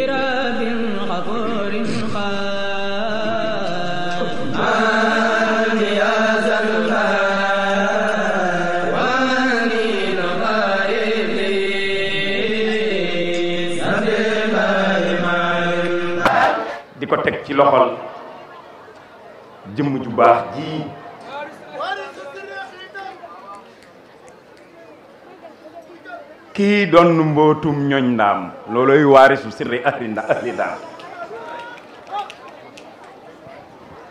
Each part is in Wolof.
di ko teg ci loxol jëmm ju baax ji kii doon mbootum ñoñ ndaam looloy waarisu sirri ahli nda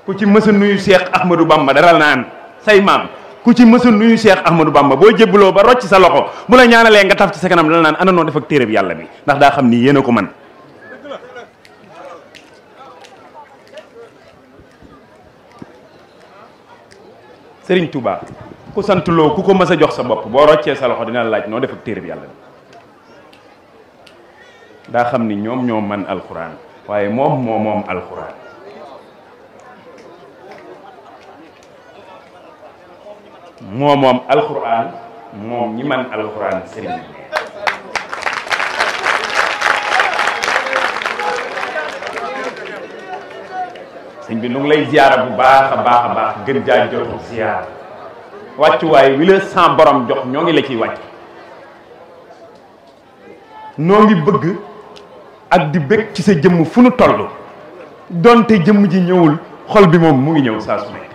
ku ci mësa nuyu Cheikh Ahmadou Bamba dara naan say mam ku ci mësa nuyu Cheikh Ahmadou Bamba boje jébbaloo ba rocc sa loxo bu la ñaanalee nga taf ci sa kanam naan ana non def ak téere bi yàlla bi ndax ni ko Touba ku ku ko jox sa bop bo sa loxo dina laaj no def ak bi daa xam ni ñoom ñoo man alxuraan waaye moom moo moom alxuraan moo moom alxuraan ñi man alxuraan sëriñ bi sëñ bi nu ngi lay ziyaara bu baax a baax a baax gën jaa jotu ziyaara wàccuwaay wi la sans borom jox ñoo ngi la ciy wàcc noo ngi bëgg ak di bëgg ci sa jëmm fu nu toll donte jëmm ji ñëwul xol bi moom mu ngi ñëw saa su nekk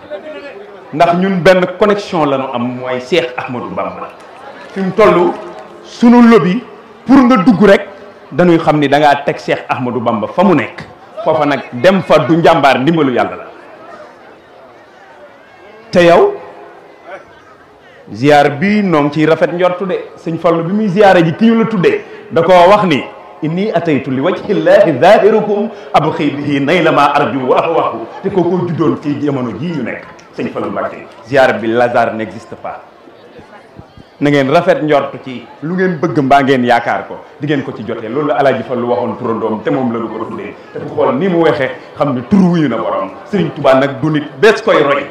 ndax ñun benn connection la ñu am mooy Cheikh Ahmadou Bamba fi mu toll sunu lobby pour nga dugg rek dañuy xam ni da teg seex Ahmadou Bamba fa mu nekk foofa nag dem fa du njàmbaar ndimalu yàlla la te yow ziar bi noo ngi ciy rafet njortu de sëñ Fallu bi muy ziare ji ki ñu la tuddee da koo wax ni inni ataytu li wajhi llahi zahirukum abxi bihi nayla ma arju wa ahwahu te kookoo juddoon ci jamono jii ñu nekk sëñ lu Mbàkke ziar bi lazar n'existe pas na ngeen rafet njort ci lu ngeen bëgg mbaa ngeen yaakaar ko di ngeen ko ci jotee loolu la alaaji Fallu waxoon turandoom te moom la du ko tuddee te ku xool ni mu waxee xam ne tur wuyu na borom sëriñ Tuubaa nag du nit bees koy roy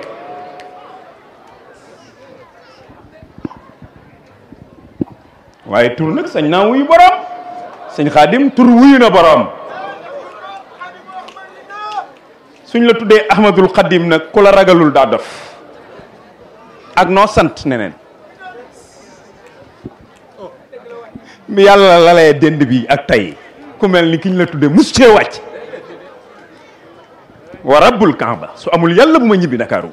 waaye tur nag sañ naa wuyu borom sëñ xaadim tur wuyu na boroom suñ la tuddee ahmadul xadim nag ku la ragalul daa dof ak noo sant neneen mi yàlla la lay dend bi ak tey ku mel ni kiñ la tuddee mus cee wàcc wa rabbul kaaba su amul yàlla bu ma ñibbi Ndakaaru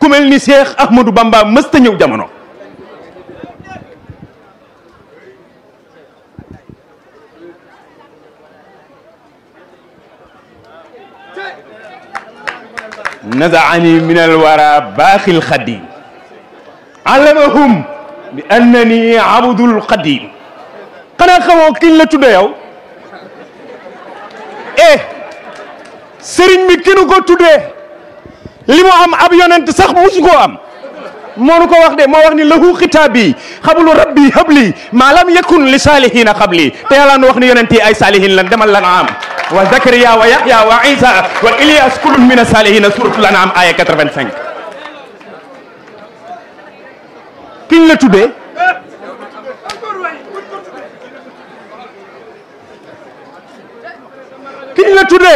ku mel ni Seex Ahmadou Bamba mës ñëw jamono نزعني من الورى باخ الخديم علمهم بانني عبد القديم قنا خوك لا تود ياو ايه سيرن مي كينوكو تود ليمو ام اب يوننت صاح موسوكو ام مونوكو واخ دي ما واخ لهو خطابي خبل ربي حبلي ما لم يكن لصالحين قبلي تيالان واخ ني يوننتي اي صالحين لان دمال لان عام wa zakariya wa Yahya wa Isa wa Ilyas kullun min as-salihin suratul an'am aya 85 kiñ la tudé kiñ la tudé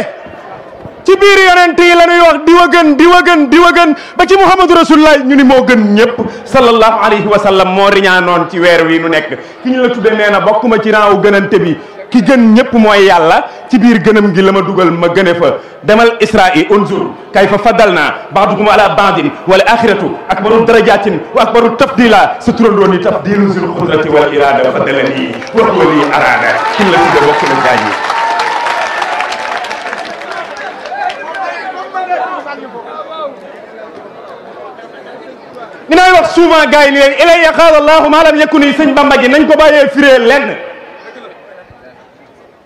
ci bir yonent yi la ñuy wax diwa gën diwa gën diwa gën ba ci muhammadu rasulullah ñu ni mo gën ñepp sallallahu alayhi wa sallam moo riñaanoon ci wër wi nu nekk kiñ la tuddee néna na bokkuma ci raaw gënante bi ki gën ñépp mooy yàlla ci biir gënam gi la ma dugal ma gëne fa demal israil unzur kayfa faddalna ba'dukum ala ba'din wal axiratu akbaru darajatin wa akbaru tafdila sa turandoo ni tafdilu zul qudrati wal irada faddalani wa huwa li arada kim la tudde bokk na gaañ yi ni may wax souvent gars yi ni leen ilay yaqaal allahu ma lam yakuni sëñ bamba ji nañ ko bàyyee firee lenn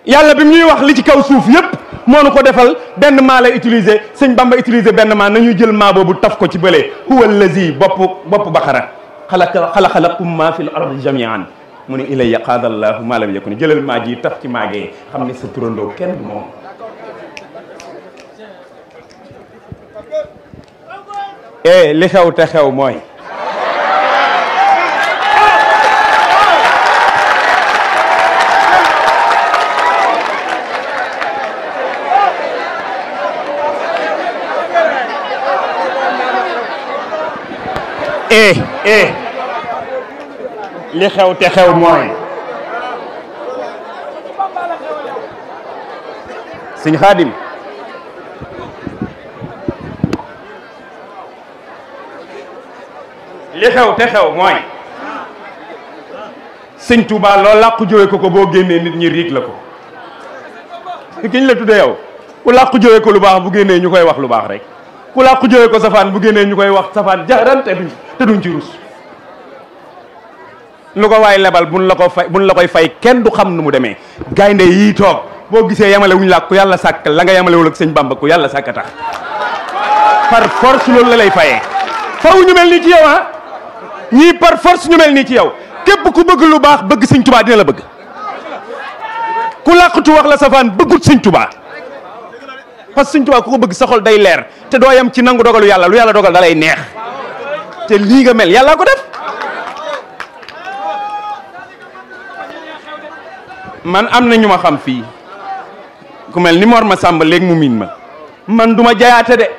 yàlla bi mu ñuy wax li ci kaw suuf yépp moo nu ko defal benn maa lay utiliser sëñ bamba utiliser benn maa nañu jël maa boobu taf ko ci bële huwa allazi bopp bopp baqara xalaqa xalaqa lakum maa fi l ardi jamian mu ne ilayya qaada allahu maa lam yakun jëlal maa ji taf ci maagee xam ne sa turandoo kenn du moom e li xew te xew mooy eh eh li xew te xew mooy sëñ Xaadim li xew te xew mooy sëñ Touba loo làqu jóge ko ko boo génnee nit ñi riig la ko kiñ la tudde yow ku làqu jóge ko lu baax bu génnee ñu koy wax lu baax rek ku làqu jooy ko safaan bu génnee ñu koy wax safaan jaran te duñ te duñ ci rus lu ko waay lebal buñ la ko fay buñ la koy fay kenn du xam nu mu demee gaynde yii toog boo gisee yamale wuñ làkk ku yàlla sàkk la nga yamalewul ak sëñ Bamba ku yàlla sàkk tax par force loolu la lay fayee faw ñu mel nii ci yow ah ñii par force ñu mel nii ci yow képp ku bëgg lu baax bëgg sëñ Tubaa dina la bëgg ku làqutu wax la safaan bëggut sëñ Tubaa parce que suñ tubaab ku ko bëgg saxol day lèr té do yam ci nangu dogalu yalla lu yalla dogal dalay neex té li nga mel yalla ko def man am ñuma xam fi ku mel ni Mor Massamba léegi mu ma man duma jayaté dé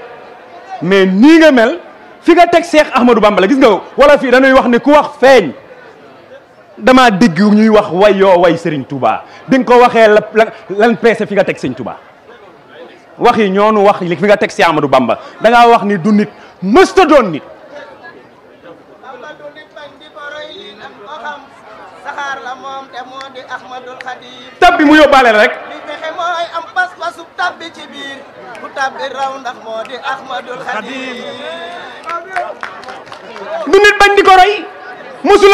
mais ni nga mel fi nga tek Cheikh Ahmadou Bamba la gis nga wala fi da ñuy wax ni ku wax feñ dama dégg ñuy wax way way seigne Touba di ko waxé lan fi nga tek seigne Touba wax yi ñoonu wax li fi nga tek ci Amadou Bamba da nga wax ni du nit mësta doon nit tab bi mu yobale rek li du nit bañ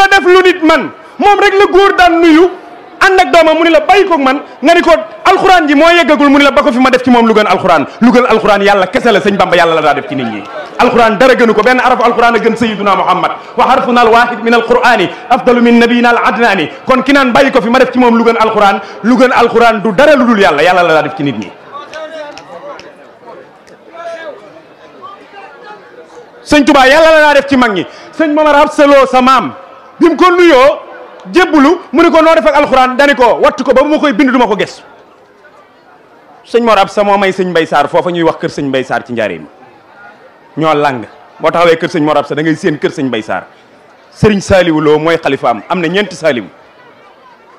def lu nit man mom rek le góor dan nuyu ànd ak doomam la man nga ni ko alxuraan ji moo yeggagul mu ne la ko fi ma def ci moom lu gën alxuraan lu gën alxuraan yàlla kese la sëñ Bamba yàlla la daa def ci nit ñi alxuraan dara gënu ko benn arafu alxuraan a gën sayiduna muhammad wa harfuna alwahid min min nabiyina kon ki naan bàyyi ko fi def ci moom lu gën alxuraan lu gën alxuraan du dara lu dul yàlla yàlla la daa def ci nit ñi sëñ Tuubaa yàlla la daa def ci mag ñi sëñ Mamar Absa sa maam bi mu ko nuyoo mu ni ko noo def ak alxuraan dani ko wattu ko ba mu ma koy bind du ma ko ges sëñ Mor Absa moo may sëñ Mbay Saar foofa ñuy wax kër sëñ Mbay Saar ci njaareem ñoo làng boo taxawee kër sëñ Mor Absa da ngay kër sëñ Mbay Saar sëriñ Saaliwu Lo mooy xalifaam am na ñeenti saaliwu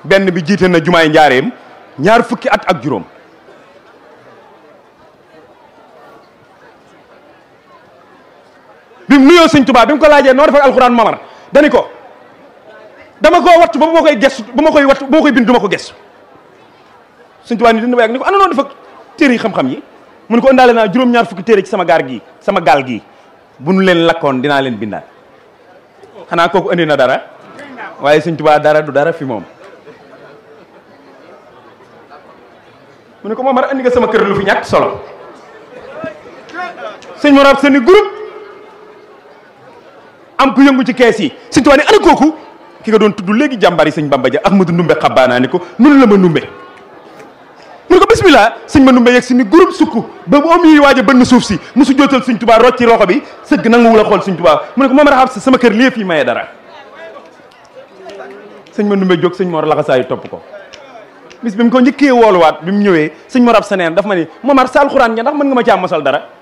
benn bi jiite na jumaay njaareem ñaar fukki at ak juróom bi mu nuyoo sëñ Tuubaa bi mu ko laajee noo def ak alxuraan mamar dani ko dama koo wattu ba bu ma koy gestu bu ma koy wattu bu ma koy bind du ma ko gestu sëñ Tuubaa ni dina ba yàgg ni ko ana noo def Tiri xam-xam yi mun ko ëndaale na juroom ñaar fukki ci sama gargi, gi sama galgi, gi bu nu leen lakkoon dina leen bindaat xana koku andi na dara waye Sëñ dara du dara fi mom mu ne ko andi nga sama kër lu fi ñak solo sëñ morab seni groupe am ku yëngu ci caisse yi Sëñ Tuubaa ni ana koku ki nga doon tuddu legi Bamba ja ahmadou Ndumbe xabaanaa ni ko nun la ma Ndumbe mu ko bismillah seigne ma mbey ak si ni groupe sukk ba bu omi yi ben souf ci si musu jootal sëñ tubaa rocci roxo bi sëgg nanguwul la xol seigne touba mu ne ko moom sama keur lii fi maye dara sëñ ma ndumbe jóg sëñ moor laxasaayu top ko bis bim ko njëkkee wolu wat bim ñewé seigne moor ab daf ma ni momar sal qur'an ndax mën nga ma ci am masal dara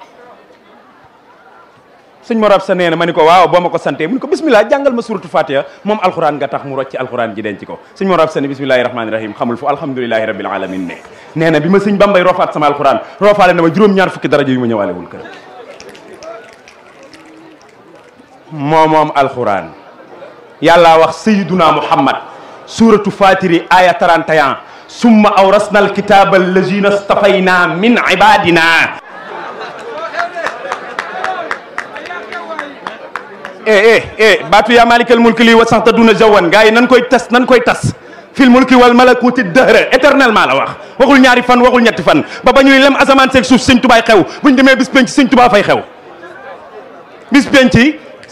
sëñ Mor Absa nee na ma ni ko waaw boo ma ko sante mu ni ko bismillah jàngal ma suratu fatiha moom alxuraan nga tax mu rocc alxuraan ji denc ko sëñ Mor Absa ne bismillahi rahmani rahim xamul fu alhamdulilahi rabil alamin nekk nee na bi ma sëñ bambay roofaat sama alxuraan roofaale na ma juróom-ñaar fukki daraja yu ma ñëwaalewul kër moo moom alxuraan yàlla wax sayiduna muhammad suratu fatiri aya 31 summa awrasna alkitaba allazina stafayna min ibadina ايه ايه ايه باتو يا مالك الملك لي وسانتا دون جوان غاي نانكوي تاس نانكوي تاس في الملك والملكوت الدهر اترنال مالا واخ واخول نياري فان واخول نيات فان بابا نيوي لم ازمان سيك سوف سين توباي خيو بون ديمي بيس بنتي سين توبا فاي خيو بيس بنتي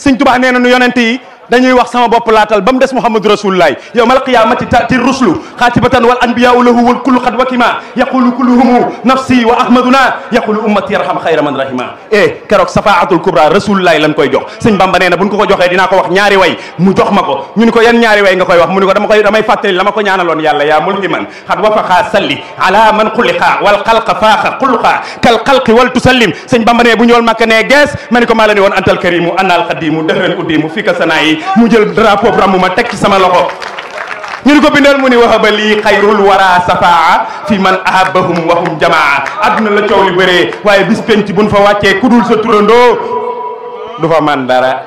سين توبا نينا نيو يوننتي dañuy wax sama bopp laatal ba mu des muhammadu rasulullah yowma alqiyamati tati ruslu xaatibatan wal anbiyau lahu wal kullu xad wakima yaqulu kulluhumu nafsi wa ahmaduna yaqulu ummati yarham xayra man rahima e keroog safaatul kubra rasulullah lan koy jox sëñ bamba nee na buñ ko ko joxee dinaa ko wax ñaari way mu jox ma ko ñu ni ko yan ñaari way nga koy wax mu ko dama koy damay fàttali la ma ko ñaanaloon yàlla yaa mulhiman xad wafaqa salli ala man xuliqa wal wal tusallim sëñ bi mu jël drapeau ràmm ma teg ci sama loxo ñu ni ko bindal mu ni wax ba lii xayrul wara safaa fi man ahabahum wahum jamaa àdduna la coow li bëree waaye bis penc buñ fa wàccee kudul sa turandoo du fa man dara